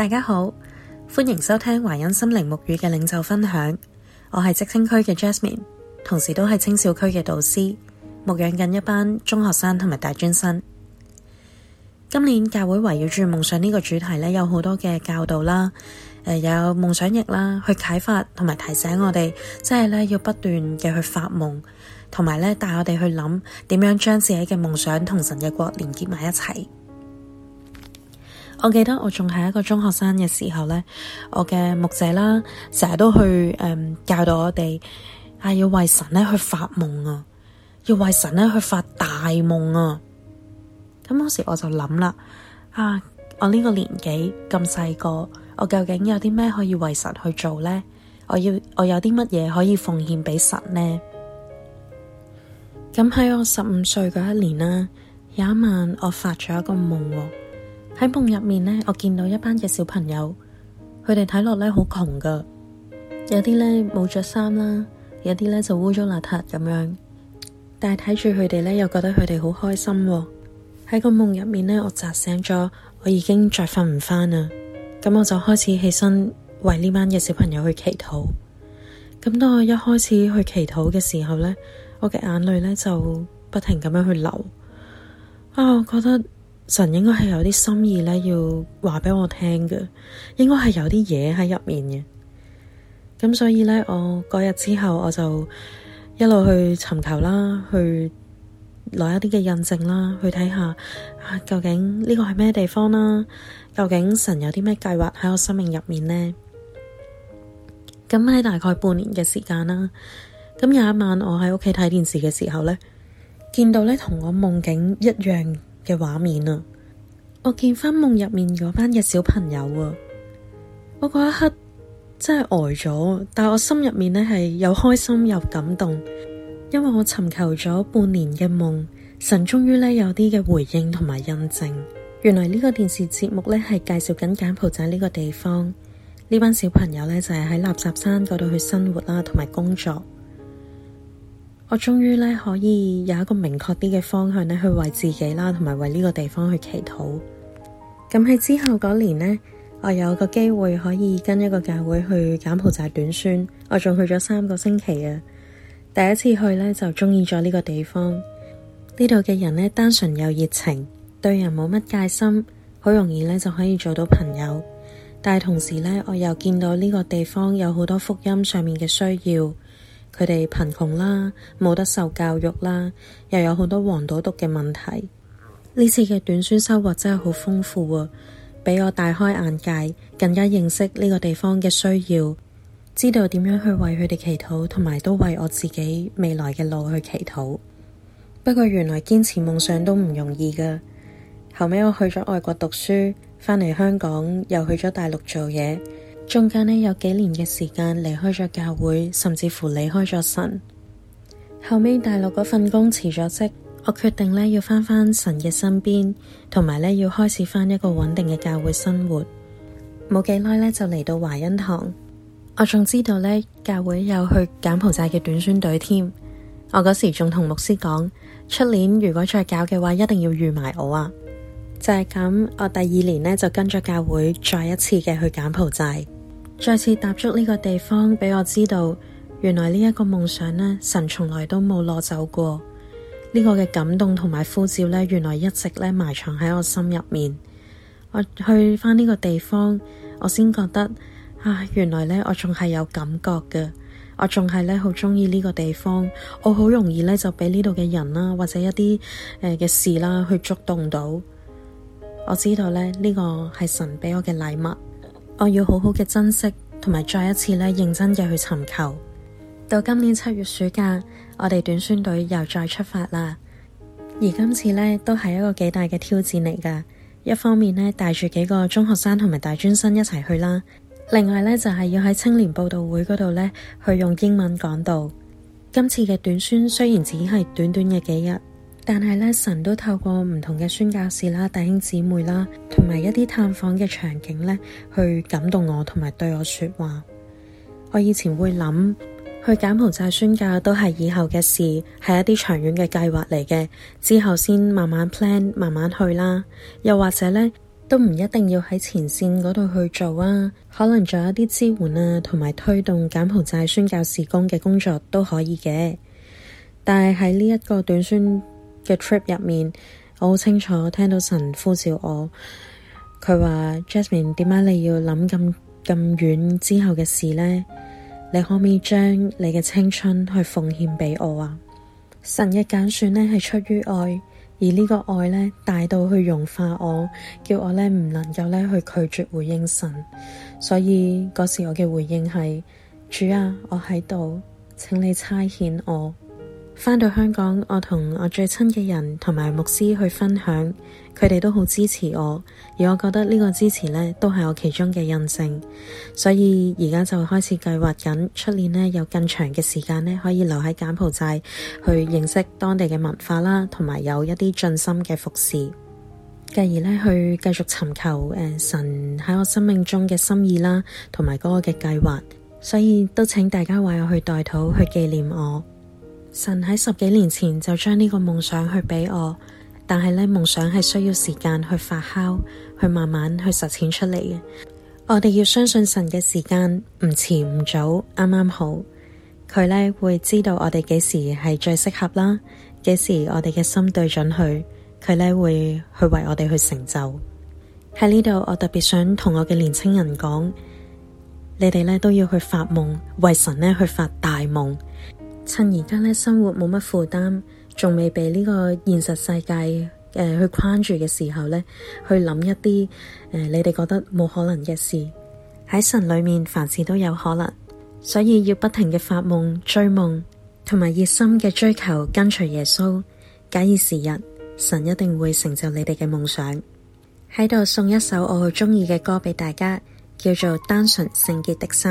大家好，歡迎收聽華恩心靈牧語嘅領袖分享。我係職青區嘅 Jasmine，同時都係青少區嘅導師，牧養緊一班中學生同埋大專生。今年教會圍繞住夢想呢個主題咧，有好多嘅教導啦，誒，有夢想翼啦，去啟發同埋提醒我哋，即係咧要不斷嘅去發夢，同埋咧帶我哋去諗點樣將自己嘅夢想同神嘅國連結埋一齊。我記得我仲係一個中學生嘅時候呢，我嘅牧者啦，成日都去誒、嗯、教導我哋啊，要為神咧去發夢啊，要為神咧去發大夢啊。咁當時我就諗啦，啊，我呢個年紀咁細個，我究竟有啲咩可以為神去做呢？我要我有啲乜嘢可以奉獻畀神呢？咁喺我十五歲嗰一年啦，有一晚我發咗一個夢喎。喺夢入面咧，我見到一班嘅小朋友，佢哋睇落咧好窮噶，有啲咧冇着衫啦，有啲咧就污糟邋遢咁樣，但係睇住佢哋咧，又覺得佢哋好開心喎。喺個夢入面咧，我扎醒咗，我已經再瞓唔翻啦。咁我就開始起身為呢班嘅小朋友去祈禱。咁當我一開始去祈禱嘅時候咧，我嘅眼淚咧就不停咁樣去流。啊，我覺得。神應該係有啲心意咧，要話畀我聽嘅，應該係有啲嘢喺入面嘅。咁所以咧，我嗰日之後我就一路去尋求啦，去攞一啲嘅印證啦，去睇下、啊、究竟呢個係咩地方啦？究竟神有啲咩計劃喺我生命入面咧？咁喺大概半年嘅時間啦。咁有一晚，我喺屋企睇電視嘅時候咧，見到咧同我夢境一樣嘅畫面啊，我見翻夢入面嗰班嘅小朋友啊，我嗰一刻真係呆咗，但係我心入面呢係又開心又感動，因為我尋求咗半年嘅夢，神終於呢有啲嘅回應同埋印證。原來呢個電視節目呢係介紹緊柬埔寨呢個地方，呢班小朋友呢就係喺垃圾山嗰度去生活啦，同埋工作。我終於咧可以有一個明確啲嘅方向咧，去為自己啦，同埋為呢個地方去祈禱。咁喺之後嗰年呢，我有個機會可以跟一個教會去柬埔寨短宣，我仲去咗三個星期啊。第一次去咧就中意咗呢個地方，呢度嘅人咧單純又熱情，對人冇乜戒心，好容易咧就可以做到朋友。但係同時咧，我又見到呢個地方有好多福音上面嘅需要。佢哋貧窮啦，冇得受教育啦，又有好多黃賭毒嘅問題。呢次嘅短宣收穫真係好豐富啊，俾我大開眼界，更加認識呢個地方嘅需要，知道點樣去為佢哋祈禱，同埋都為我自己未來嘅路去祈禱。不過原來堅持夢想都唔容易噶。後尾我去咗外國讀書，返嚟香港又去咗大陸做嘢。中間呢有幾年嘅時間離開咗教會，甚至乎離開咗神。後尾大陸嗰份工辭咗職，我決定呢要返返神嘅身邊，同埋呢要開始返一個穩定嘅教會生活。冇幾耐呢就嚟到華恩堂，我仲知道呢教會有去柬埔寨嘅短宣隊添。我嗰時仲同牧師講，出年如果再搞嘅話，一定要預埋我啊。就係咁，我第二年呢就跟咗教會再一次嘅去柬埔寨。再次踏足呢個地方，俾我知道，原來呢一個夢想呢，神從來都冇攞走過。呢、這個嘅感動同埋呼召呢，原來一直咧埋藏喺我心入面。我去返呢個地方，我先覺得啊，原來呢，我仲係有感覺噶，我仲係呢好中意呢個地方。我好容易呢就俾呢度嘅人啦，或者一啲嘅、呃、事啦，去觸動到。我知道呢，呢、這個係神俾我嘅禮物。我要好好嘅珍惜，同埋再一次呢認真嘅去尋求。到今年七月暑假，我哋短宣隊又再出發啦。而今次呢都係一個幾大嘅挑戰嚟噶。一方面呢帶住幾個中學生同埋大專生一齊去啦，另外呢就係、是、要喺青年報道會嗰度呢去用英文講道。今次嘅短宣，雖然只係短短嘅幾日。但係咧，神都透過唔同嘅宣教士啦、弟兄姊妹啦，同埋一啲探訪嘅場景咧，去感動我，同埋對我說話。我以前會諗，去柬埔寨宣教都係以後嘅事，係一啲長遠嘅計劃嚟嘅，之後先慢慢 plan，慢慢去啦。又或者咧，都唔一定要喺前線嗰度去做啊，可能做一啲支援啊，同埋推動柬埔寨宣教事工嘅工作都可以嘅。但係喺呢一個短宣。嘅 trip 入面，我好清楚聽到神呼召我，佢話 Jasmine 點解你要諗咁咁遠之後嘅事呢？你可唔可以將你嘅青春去奉獻畀我啊？神嘅揀選呢係出於愛，而呢個愛呢大到去融化我，叫我呢唔能夠呢去拒絕回應神。所以嗰時我嘅回應係：主啊，我喺度，請你差遣我。返到香港，我同我最親嘅人同埋牧師去分享，佢哋都好支持我，而我覺得呢個支持呢，都係我其中嘅印證，所以而家就開始計劃緊出年呢，有更長嘅時間呢，可以留喺柬埔寨去認識當地嘅文化啦，同埋有一啲進心嘅服侍，繼而呢，去繼續尋求誒、呃、神喺我生命中嘅心意啦，同埋嗰個嘅計劃，所以都請大家為我去代禱去紀念我。神喺十幾年前就將呢個夢想去俾我，但係咧夢想係需要時間去發酵，去慢慢去實踐出嚟嘅。我哋要相信神嘅時間唔遲唔早，啱啱好，佢咧會知道我哋幾時係最適合啦，幾時我哋嘅心對準佢，佢咧會去為我哋去成就。喺呢度，我特別想同我嘅年青人講，你哋咧都要去發夢，為神咧去發大夢。趁而家咧生活冇乜負擔，仲未被呢個現實世界誒、呃、去框住嘅時候咧，去諗一啲誒、呃、你哋覺得冇可能嘅事。喺神裏面，凡事都有可能，所以要不停嘅發夢、追夢，同埋熱心嘅追求跟隨耶穌。假以時日，神一定會成就你哋嘅夢想。喺度送一首我好鍾意嘅歌畀大家，叫做《單純聖潔的心》。